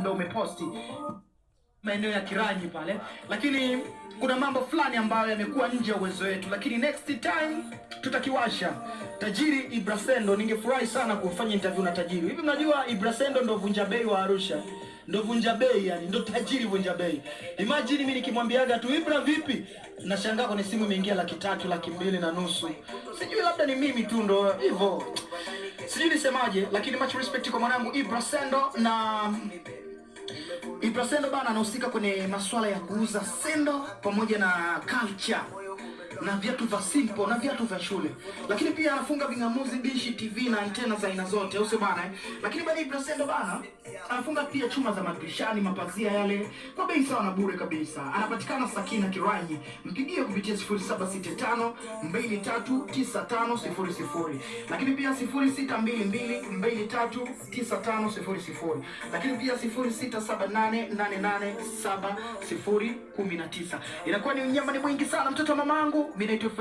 ndio umeposti maeneo ya Kiranyi pale, lakini kuna mambo fulani ambayo yamekuwa nje ya uwezo wetu, lakini next time tutakiwasha. Tajiri Ibrasendo, ningefurahi sana kufanya interview na tajiri. Hivi mnajua Ibrasendo ndo vunja bei wa Arusha, ndo vunja bei yani, ndo tajiri vunja bei. Imagine mimi nikimwambiaga tu Ibra, vipi, nashangaa kwenye simu imeingia laki tatu, laki mbili na nusu. Sijui labda ni mimi tu ndo hivyo, sijui nisemaje, lakini much respect kwa mwanangu Ibrasendo na Ipra Sendo bana anahusika kwenye masuala ya kuuza sendo pamoja na culture na viatu vya simple na viatu vya shule, lakini pia anafunga ving'amuzi, dishi, TV na antena za aina zote, au sio bana eh? Lakini bali Brasendo bana anafunga pia chuma za madirishani, mapazia yale kwa bei sawa na bure kabisa. Anapatikana Sakina Kiranyi, mpigie kupitia 0765 239500 lakini pia 0622 239500 lakini pia 0678887019 inakuwa ni unyama ni mwingi sana mtoto mamangu mimi naitwa